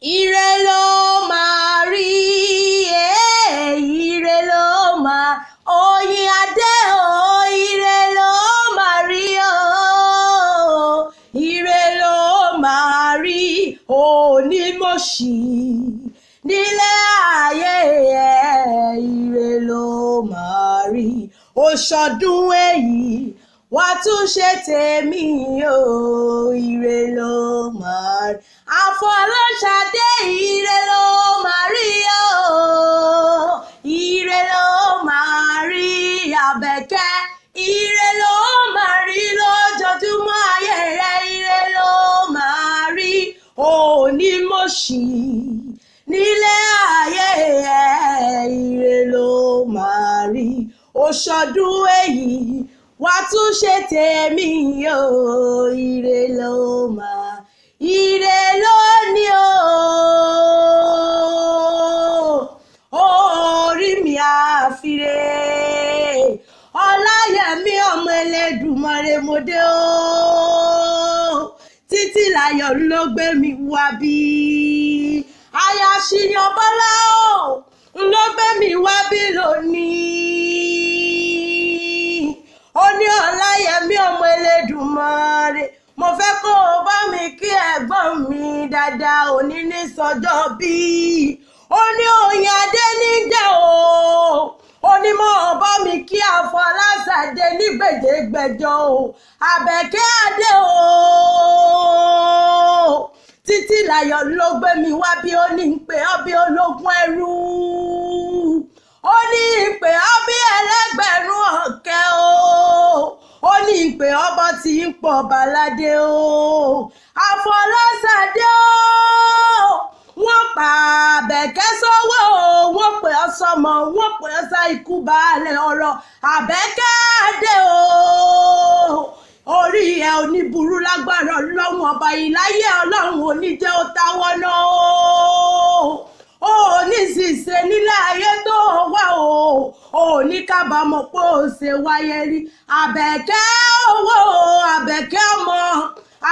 ire ló máa rí eh, ire ló máa oyin adé o oh, ire ló máa rí o oh. ire ló máa rí òní mo ṣì nílé ayé ẹ eh, ire ló máa rí oṣọdún èyí wọ́n tún ṣe tèmi o ire ló máa rí àfọlọ́ṣadé ire ló máa rí o ire ló máa rí àbẹ̀kẹ́ ire ló máa rí lójoojúmọ́ ayé rẹ̀ ló máa rí òní mo àtúnṣe tèmi o ire ló máa ire ló ní o. orí mi àfire ọláyẹmí ọmọ Ẹlẹ́dùmarè mo dé o títí láyọ̀ ló gbé mi wá bí àyà ṣìyàn bọ́lá o ló gbé mi wá bí lónìí. ọmọ Elédùmarè mo fẹ́ kó o bá mi kí ẹ̀gbọ́n mi dáadáa òní ní sọjọ́ bíi ó ní òyìn adé níjà o ó ní mọ́ ọba mi kí Àfọláṣadé ní gbèjégbèjọ o Àbẹ̀kẹ́ adé o títí láyọ̀ ló gbé mi wá bí ó ní ń pè bí ológun ẹrú ó ní ti ń pọ̀ bàládé o àfọlọ́sàdé o wọ́n pa àbẹ̀kẹ́ sọ́wọ́ o wọ́n pè ọ́ sọmọ wọ́n pè ọ́ sá ikú baálẹ̀ ọ̀rọ̀ àbẹ̀kẹ́ àdé o orí ẹ oníburú lágbára ọlọ́run ọba ìláyé ọlọ́run oníjẹ́ ó táwọ́ náà o ò ní ṣìṣe nílẹ̀ ayé tó wà o ò ní kábàámọ̀ pé ó ṣe wáyé rí àbẹ̀kẹ́ o owó àbẹ̀kẹ́ ọmọ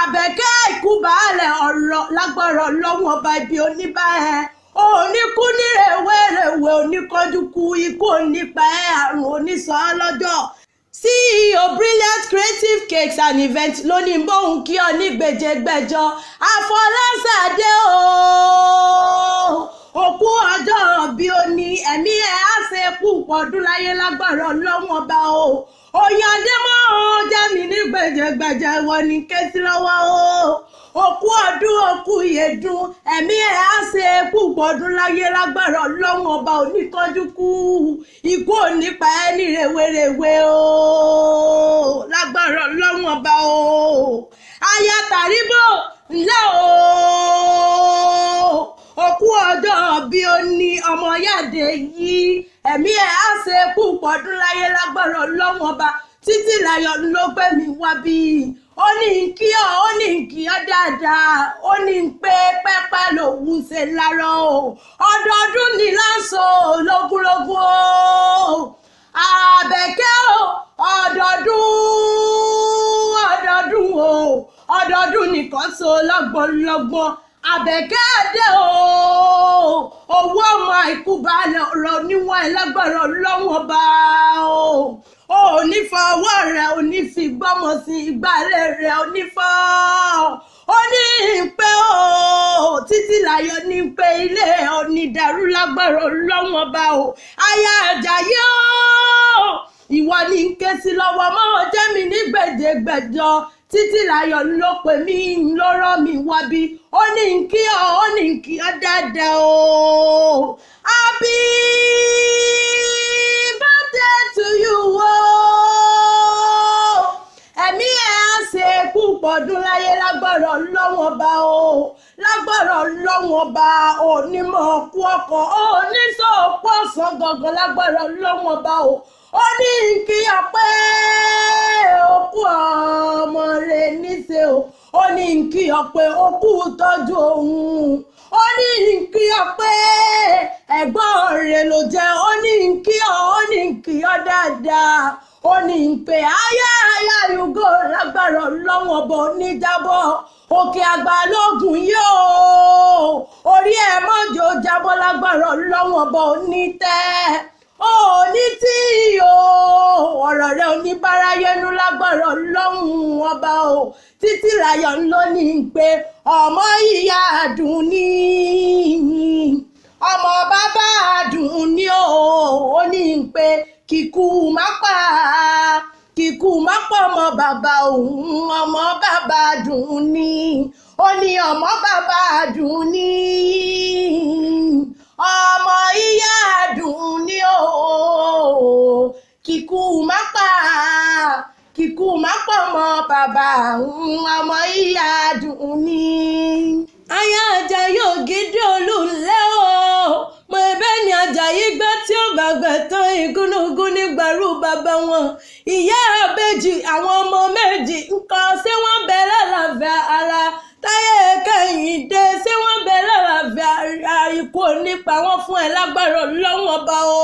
àbẹ̀kẹ́ ikú baálẹ̀ ọ̀rọ̀ lágbára ọlọ́wọ́n ọba ibi oníbà ẹ̀ òníkú nírèwé rèwé oníkọ́júkú ikú onípa ẹ̀ àrùn onísàn lọ́jọ́ ceo brilliant creative cakes and events lónìí bóun kí ọ ní gbèjégbèjọ àfọlásàdé ooo òkú ọjọ́ ọ̀bí òní ẹ̀mí ẹ̀ á ṣe kú pọ̀dún láyé lágbára ọlọ́wọ́n ọba o òyìn àdémọ́ ọ̀hún jẹ́mi ní gbẹ̀jẹ̀gbẹ̀jẹ̀ ìwọ ni kẹ́sí lọ́wọ́ o òkú ọdún òkú ìyẹ̀dùn ẹ̀mí ẹ̀ á ṣe púpọ̀dún láyé lágbára ọlọ́run ọba onítọ́jú kú ikú nípa ẹni rèwerèwe o lágbára ọlọ́run ọba o aya tàríbò ńlẹ́ o òkú ọjọ́ bí ó ní ọmọ yáde yìí ẹ̀mí ẹ̀ á ṣe púpọ̀ ọdún láyé lágbára ọlọ́wọ́n ọba títí láyọ̀ ló gbé mi wá bí ó ní kí ọ ó ní kí ọ dáadáa ó ní pé pẹ́pẹ́ lòun ṣe lárọ́ o ọdọọdún ni láǹṣó lógúnlógún o àbẹ̀kẹ́ o ọdọọdún ọdọọdún o ọdọọdún nìkan so lọ́gbọ̀nlọ́gbọ̀n àbẹ̀kẹ́ẹ̀dẹ́ o owó ọmọ àìkú balẹ̀ ọ̀rọ̀ níwọ̀n ẹlẹ́gbọ̀rọ̀ lọ́wọ́ bá o o ò ní fọ ọwọ́ rẹ̀ ò ní fi gbọ́mọ sí ìgbàlẹ̀ rẹ̀ ò ní o ó ní pé o títí láyọ̀ ní pé ilé onídàrú lágbọ̀rọ̀ lọ́wọ́ bá o aya àjàyè o ìwọ ni ń ké sí lọ́wọ́ mọ́ ọ jẹ́ mi ní gbèdégbèjọ Títílayọ̀ ló pè mí ló mi wá bí ó ní kí ọ ó ní kí ọ dáadáa o happy birthday to you o ẹ̀mí ẹ̀ á ṣe púpọ̀ ọdún láyé lágbára ọlọ́wọ́n bá o lágbára ọlọ́run ọba onímọ̀ ọkú ọkọ̀ oníṣòwò ọ̀sán gangan lágbára ọlọ́run ọba o ó ní kí a pé òkú ọmọ rẹ níṣe o ó ní kí a pé òkú tọ́jú òun ó ní kí a pé ẹ̀gbọ́n rẹ ló jẹ́ ó ní dáadáa ó ní ìpè ayé ayé ayúgò lágbára ọlọ́run ọ̀bọ oníjábọ̀ òkè àgbàlógún yóò orí ẹ̀ mọ́jọ jábọ́ lágbára ọlọ́run ọ̀bọ onítẹ́ òní tí o ọ̀rọ̀ rẹ̀ oníbárayẹnu lágbára ọlọ́run ọba o títí láyọ̀ ńlọ ní pé ọmọ ìyá àdùn ní ọmọ bàbá àdùn ní o ó ní pé kíkú má pa kíkú má pọ̀ ọmọ bàbá òun ọmọ bàbá dùn ní ó ní ọmọ bàbá dùn ní ọmọ ìyá dùn ní o kíkú má pa kíkú má pọ̀ ọmọ bàbá òun ọmọ ìyá dùn ní. tí ó bàgbà tán ìgúnnugún nígbàrú bàbá wọn ìyá àbèjì àwọn ọmọ méjì nǹkan ṣé wọ́n bẹ lálàáfíà ara táyé kẹ́hìndé ṣé wọ́n bẹ lálàáfíà ikú nípa wọn fún ẹ lágbára lọ́wọ́n bá o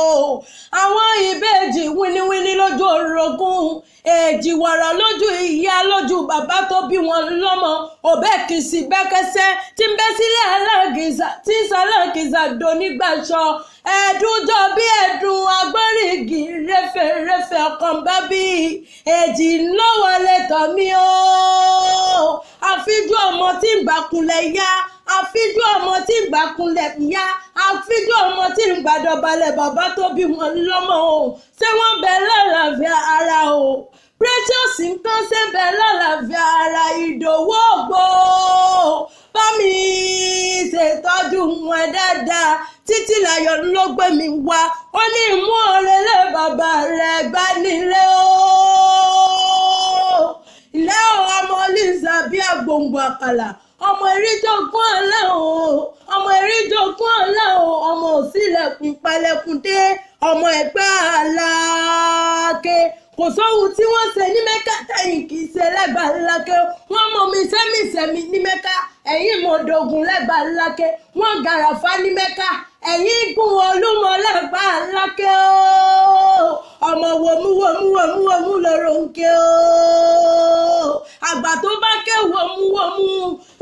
àwọn ìbejì wíníwíní lójú oorun èjìwàrà lójú ìyá lójú bàbá tó bí wọn lọ́mọ òbẹ́ kìsì bẹ́kẹsẹ́ tí ń bẹ́ sílẹ̀ aláǹkìsà tí sàláǹkìsà donígbàṣọ ẹ̀dújọ bí ẹ̀dùn agbórígì rẹ́fẹ̀rẹ́fẹ̀ ọkàn bá bí èjì lọ́wọ́ lẹ́tọ̀ mi ó àfijú ọmọ tí ń bàkúnlẹ̀ yá àfíjú ọmọ tí ń gbà kunlẹ̀ ìyá àfíjú ọmọ tí ń gbàdọ̀balẹ̀ bàbá tó bí wọn lọ́mọ o ṣé wọ́n bẹ lálàáfíà ara o precious nǹkan ṣe bẹ lálàáfíà ara ìdòwò ògbó bámi ṣètọ́jú wọn dáadáa títí láyọ̀ ló gbé mi wá ó ní ìmú ọ̀rẹ́lẹ̀ bàbá rẹ̀ gbá nílé o ilé ọmọ lisa bí agbóngbò àkàlà ọmọ eréjọgbọ́n ọ̀la o ọmọ eréjọgbọ́n ọ̀la o ọmọ òsínlẹ̀kùn palẹ̀kùn dé ọmọ ẹgbẹ́ aláàkè kò sóhun tí wọ́n ṣe ní mẹ́ka tẹ̀yìn kì í ṣe lẹ́gbàá lákè wọ́n mọ mi sẹ́mìsẹ́mì ní mẹ́ka ẹ̀yìn mọ̀ọ́dọ̀gùn lẹ́gbàá lákè wọ́n gàràfà ní mẹ́ka ẹ̀yìn gùn olúmọ lẹ́gbàá lákè o ọmọ wòmúwòmúwòmúwòmú lọ́rọ̀ ń ké o àgbà tó ké wòmúwòmú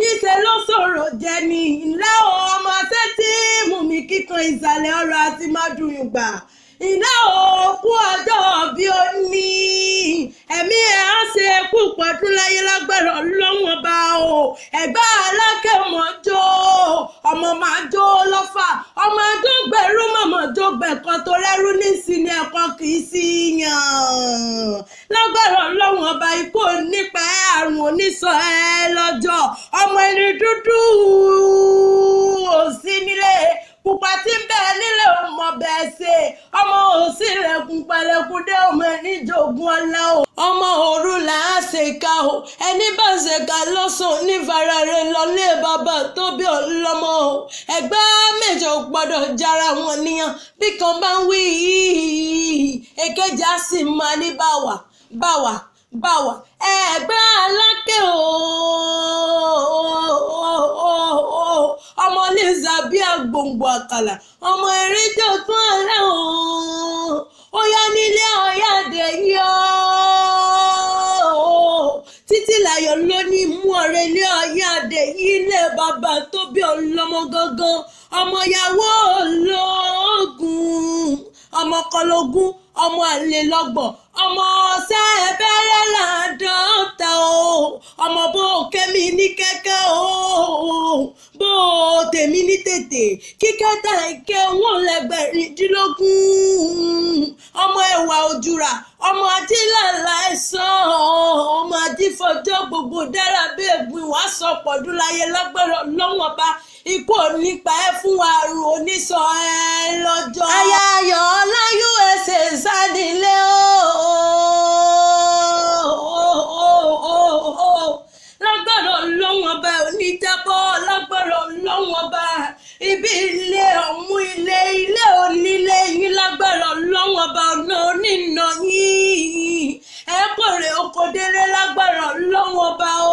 ìṣe ló sọ̀rọ̀ jẹ ni ńlẹ́ o ọmọ tẹ́tí mú mi kíkan ìsàlẹ̀ ọ̀rọ̀ àti má dùn iná òkú ọjọ́ bí ó ní ẹ̀mí ẹ̀ á ṣe kú pẹ̀dún láyé lágbára ọlọ́wọ́n bá o ẹ̀gbá alákẹ́mọ̀jọ́ ọmọ máa jó lọ́fà ọmọ tó gbẹ̀rú mọ̀mọ́ tó gbẹ̀kọ́ tó nísìnyí ẹ̀kọ́ sí yàn lágbára ikú nípa oníṣọ́ ẹ lọ́jọ́ ọmọ ẹni dúdú. o ẹni bá ń ṣe ká lọ́sùn nífara rẹ lọ ní bàbá tó bí ọ lọ́mọ o ẹgbẹ́ méjọ gbọ́dọ̀ jára wọn níyàn bí kan bá ń wí èkejì á sì máa ní báwà báwà báwà ẹgbẹ́ aláké ooo ọmọ lè zàbí àgbòǹgbò àkàlà ọmọ erédè tún ọ̀rẹ́ ooo. títílayọ̀ ló ní mú ọ̀rẹ́ ilé ọ̀yá adé yìí ilé bàbá tó bí ọlọ́mọ gangan ọmọyàwó ológun ọmọkọlógún ọmọ àlelọ́gbọ̀n ọmọ dára bí ègbìn wàá sọ pọ̀dún láyé lọ́gbọ̀rọ̀ lọ́wọ́n bá ikú nípa ẹ fún àrùn oníṣọ ẹ lọ́jọ́. aya ayọ̀ ọlá usa sádìlé ooo lọ́gbọ̀rọ̀ lọ́wọ́n bá oníjábọ̀ lọ́gbọ̀rọ̀ lọ́wọ́n bá ibi ilé ọ̀hún ilé ilé onílé yín lágbára lọ́wọ́n bá ọ̀nà onínà yín. Ògòdélé lágbára Ọlọ́run